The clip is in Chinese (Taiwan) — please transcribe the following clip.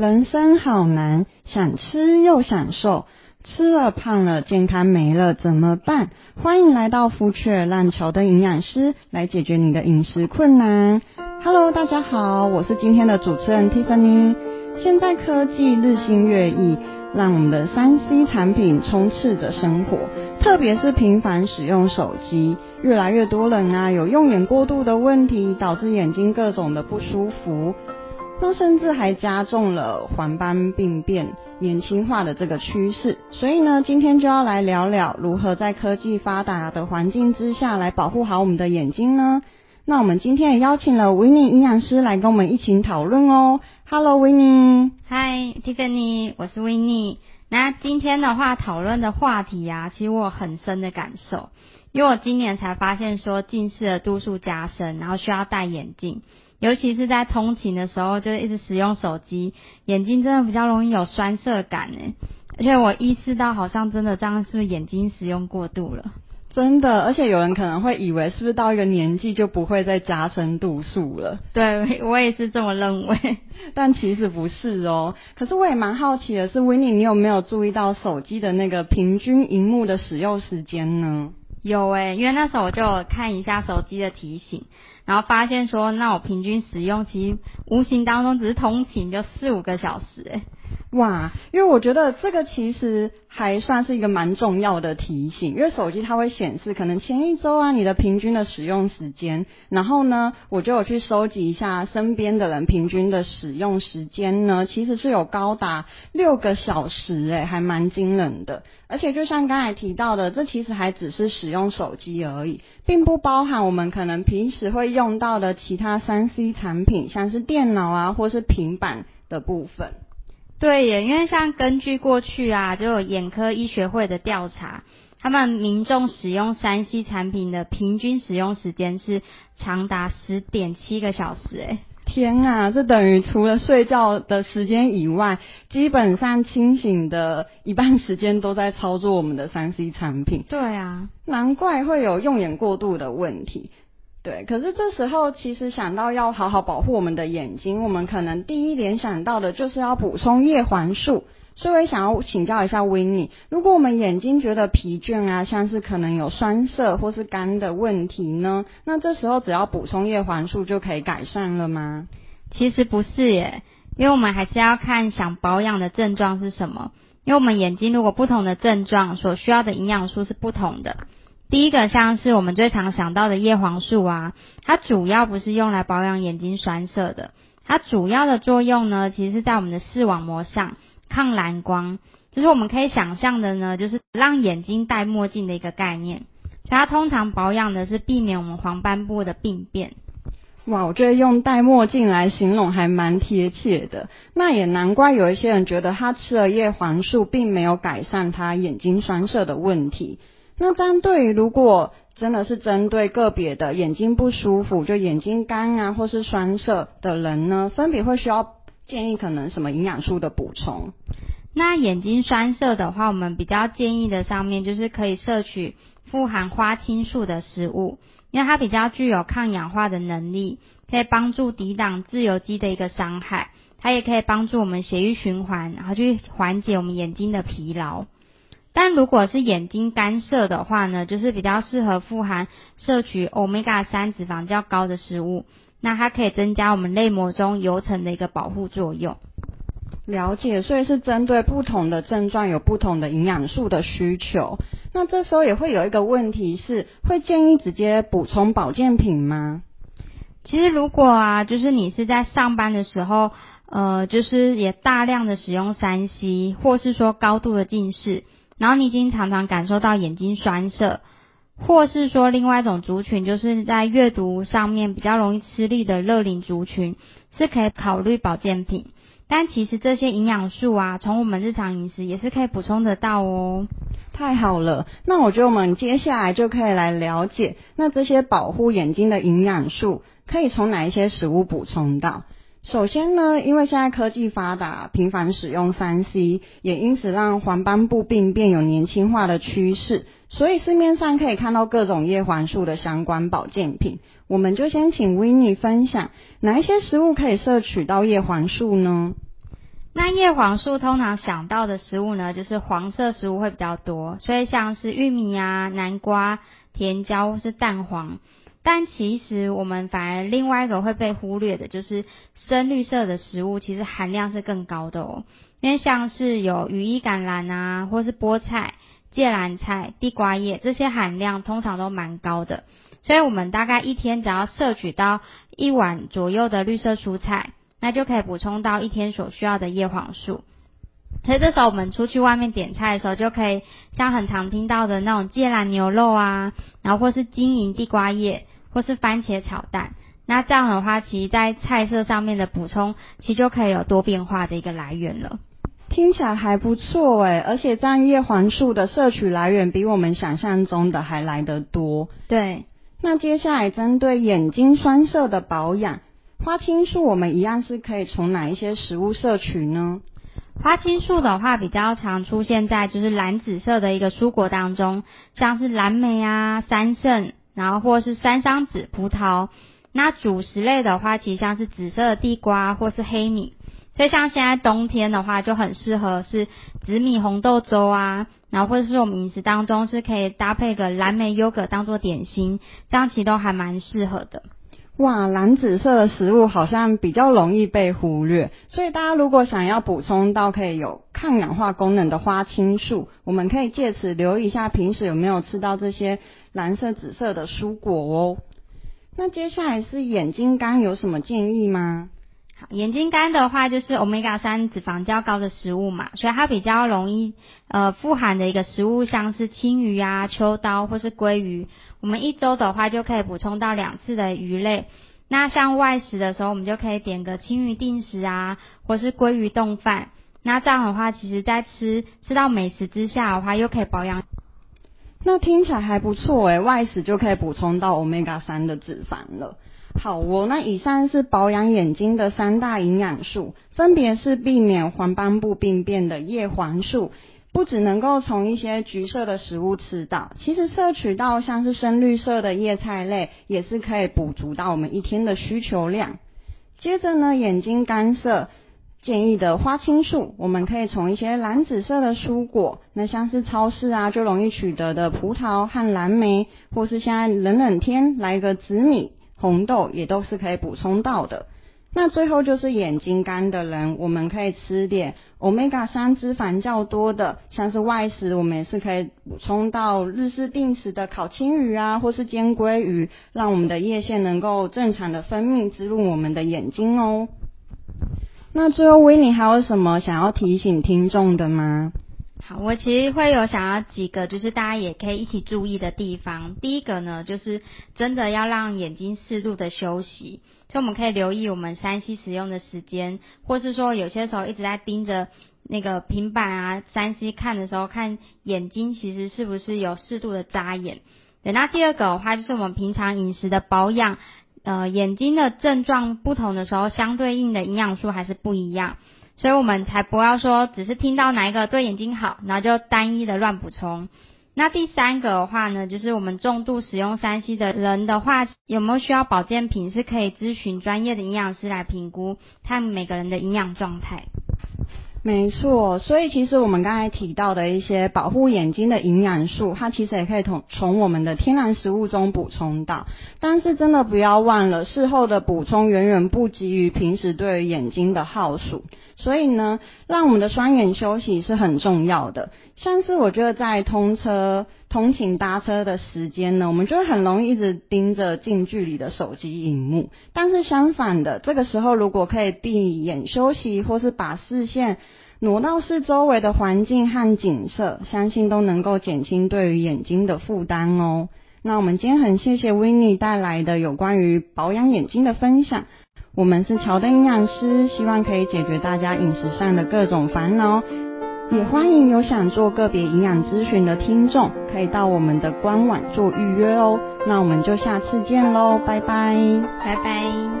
人生好難，想吃又想瘦，吃了胖了，健康沒了，怎麼辦？歡迎來到福雀爛球的營養師來解決你的飲食困難。Hello，大家好，我是今天的主持人 Tiffany。現在科技日新月異，讓我們的三 C 產品充斥着生活，特別是頻繁使用手機，越來越多人啊，有用眼過度的問題，導致眼睛各種的不舒服。那甚至還加重了黃斑病變年輕化的這個趨勢，所以呢，今天就要來聊聊如何在科技發達的環境之下來保護好我們的眼睛呢？那我們今天也邀請了維尼營養師來跟我們一起討論哦。Hello，維尼。Hi，Tiffany，我是維尼。那今天的話，討論的話題啊，其實我有很深的感受，因為我今年才發現說近視的度數加深，然後需要戴眼鏡。尤其是在通勤的時候，就是、一直使用手機，眼睛真的比較容易有痠澀感哎。而且我意識到，好像真的這樣是不是眼睛使用過度了？真的，而且有人可能會以為，是不是到一個年紀就不會再加深度數了？對，我也是這麼認為。 但其實不是哦、喔。可是我也蠻好奇的是，Winnie，你有沒有注意到手機的那個平均螢幕的使用時間呢？有誒、欸，因為那時候我就看一下手機的提醒，然後發現說，那我平均使用其實無形當中只是通勤就四五個小時哎、欸。哇，因為我覺得這個其實還算是一個蠻重要的提醒，因為手機它會顯示可能前一周啊你的平均的使用時間，然後呢我就有去收集一下身邊的人平均的使用時間呢，其實是有高達六個小時、欸，誒，還蠻驚人的。而且就像剛才提到的，這其實還只是使用手機而已，並不包含我們可能平時會用到的其他三 C 產品，像是電腦啊或是平板的部分。對耶，因為像根據，過去啊，就有眼科醫學會的調查，他們民眾使用三 C 產品的平均使用時間是長達十點七個小時，欸，天啊，這等於除了睡覺的時間以外，基本上清醒的一半時間都在操作我們的三 C 產品。對啊，難怪會有用眼過度的問題。對，可是這時候其實想到要好好保護我們的眼睛，我們可能第一聯想到的就是要補充葉黃素。所以，我也想要請教一下 Winnie，如果我們眼睛覺得疲倦啊，像是可能有酸澀或是乾的問題呢，那這時候只要補充葉黃素就可以改善了嗎？其實不是耶，因為我們還是要看想保養的症狀是什麼。因為我們眼睛如果不同的症狀所需要的營養素是不同的。第一個像是我們最常想到的葉黃素啊，它主要不是用來保養眼睛酸澀的，它主要的作用呢，其實是在我們的視網膜上抗藍光，就是我們可以想象的呢，就是讓眼睛戴墨鏡的一個概念。所以它通常保養的是避免我們黃斑部的病變。哇，我覺得用戴墨鏡來形容還蠻貼切的。那也難怪有一些人覺得他吃了葉黃素，並沒有改善他眼睛酸澀的問題。那針對如果真的是針對個別的眼睛不舒服，就眼睛乾啊或是酸澀的人呢，分別會需要建議可能什麼營養素的補充？那眼睛酸澀的話，我們比較建議的上面就是可以攝取富含花青素的食物，因為它比較具有抗氧化的能力，可以幫助抵擋自由基的一個傷害，它也可以幫助我們血液循環，然後去緩解我們眼睛的疲勞。但如果是眼睛乾澀的話呢，就是比較適合富含攝取 Omega-3 脂肪較高的食物，那它可以增加我們淚膜中油層的一個保護作用。了解，所以是針對不同的症狀有不同的營養素的需求。那這時候也會有一個問題是，會建議直接補充保健品嗎？其實如果啊，就是你是在上班的時候，呃，就是也大量的使用三 C，或是說高度的近視。然後你已經常常感受到眼睛痠澀，或是說另外一種族群，就是在閱讀上面比較容易吃力的樂齡族群，是可以考慮保健品。但其實這些營養素啊，從我們日常飲食也是可以補充得到哦。太好了，那我覺得我們接下來就可以來了解，那這些保護眼睛的營養素可以從哪一些食物補充到？首先呢，因為現在科技發達，頻繁使用三 C，也因此讓黃斑部病變有年輕化的趨勢，所以市面上可以看到各種葉黃素的相關保健品。我們就先請 Winnie 分享，哪一些食物可以攝取到葉黃素呢？那葉黃素通常想到的食物呢，就是黃色食物會比較多，所以像是玉米啊、南瓜、甜椒或是蛋黃。但其實我們反而另外一個會被忽略的，就是深綠色的食物其實含量是更高的哦，因為像是有羽衣甘藍啊，或是菠菜、芥藍菜、地瓜葉這些含量通常都蠻高的，所以我們大概一天只要攝取到一碗左右的綠色蔬菜，那就可以補充到一天所需要的葉黃素。所以這時候我們出去外面點菜的時候，就可以像很常聽到的那種芥藍牛肉啊，然後或是金銀地瓜葉，或是番茄炒蛋，那這樣的話，其實在菜色上面的補充，其實就可以有多變化的一個來源了。聽起來還不錯哎，而且這樣葉黃素的攝取來源比我們想象中的還來得多。對，那接下來針對眼睛酸澀的保養，花青素我們一樣是可以從哪一些食物攝取呢？花青素的話比較常出現在就是藍紫色的一個蔬果當中，像是藍莓啊、桑葚，然後或是山桑子、葡萄。那主食類的話，其實像是紫色的地瓜或是黑米。所以像現在冬天的話，就很適合是紫米紅豆粥啊，然後或者是我們飲食當中是可以搭配個藍莓優格當做點心，這樣其實都還蠻適合的。哇，藍紫色的食物好像比較容易被忽略，所以大家如果想要補充到可以有抗氧化功能的花青素，我們可以借此留意一下平時有沒有吃到這些藍色、紫色的蔬果哦。那接下來是眼睛乾有什麼建議嗎？眼睛乾的話，就是 Omega 三脂肪較高的食物嘛，所以它比較容易，呃，富含的一個食物像是青魚啊、秋刀或是鮭魚。我們一周的話就可以補充到兩次的魚類。那像外食的時候，我們就可以點個青魚定食啊，或是鮭魚丼飯。那這樣的話，其實在吃吃到美食之下的話，又可以保養。那聽起來還不錯誒、欸，外食就可以補充到 Omega 三的脂肪了。好哦，那以上是保養眼睛的三大營養素，分別是避免黃斑部病變的葉黃素，不只能夠從一些橘色的食物吃到，其實攝取到像是深綠色的葉菜類也是可以補足到我們一天的需求量。接着呢，眼睛乾澀建議的花青素，我們可以從一些藍紫色的蔬果，那像是超市啊就容易取得的葡萄和藍莓，或是像冷冷天來個紫米。紅豆也都是可以補充到的。那最後就是眼睛乾的人，我們可以吃點 Omega 3脂肪較多的，像是外食，我們也是可以補充到日式定食的烤青魚啊，或是煎鮭魚，讓我們的葉腺能夠正常的分泌，滋潤我們的眼睛哦。那最後，薇妮還有什麼想要提醒聽眾的嗎？好，我其實會有想要幾個，就是大家也可以一起注意的地方。第一個呢，就是真的要讓眼睛適度的休息，所以我們可以留意我們三 C 使用的時間，或是說有些時候一直在盯着那個平板啊、三 C 看的時候，看眼睛其實是不是有適度的眨眼。對，那第二個的話，就是我們平常飲食的保養，呃，眼睛的症狀不同的時候，相對應的營養素還是不一樣。所以我們才不要說，只是聽到哪一個對眼睛好，然後就單一的亂補充。那第三個的話呢，就是我們重度使用 3C 的人的話，有沒有需要保健品？是可以諮詢專業的營養師來評估，他們每個人的營養狀態。沒錯，所以其實我們剛才提到的一些保護眼睛的營養素，它其實也可以從從我們的天然食物中補充到。但是真的不要忘了，事後的補充遠遠不及於平時對於眼睛的耗損。所以呢，讓我們的雙眼休息是很重要的。像是我覺得在通車、通勤搭車的時間呢，我們就很容易一直盯着近距離的手機熒幕。但是相反的，這個時候如果可以閉眼休息，或是把視線挪到四周圍的環境和景色，相信都能夠減輕對於眼睛的負擔哦。那我們今天很謝謝 Winnie 帶來的有關於保養眼睛的分享。我們是喬登營養師，希望可以解決大家飲食上的各種煩惱，也歡迎有想做個別營養諮詢的聽眾，可以到我們的官網做預約哦。那我們就下次見嘍，拜拜，拜拜。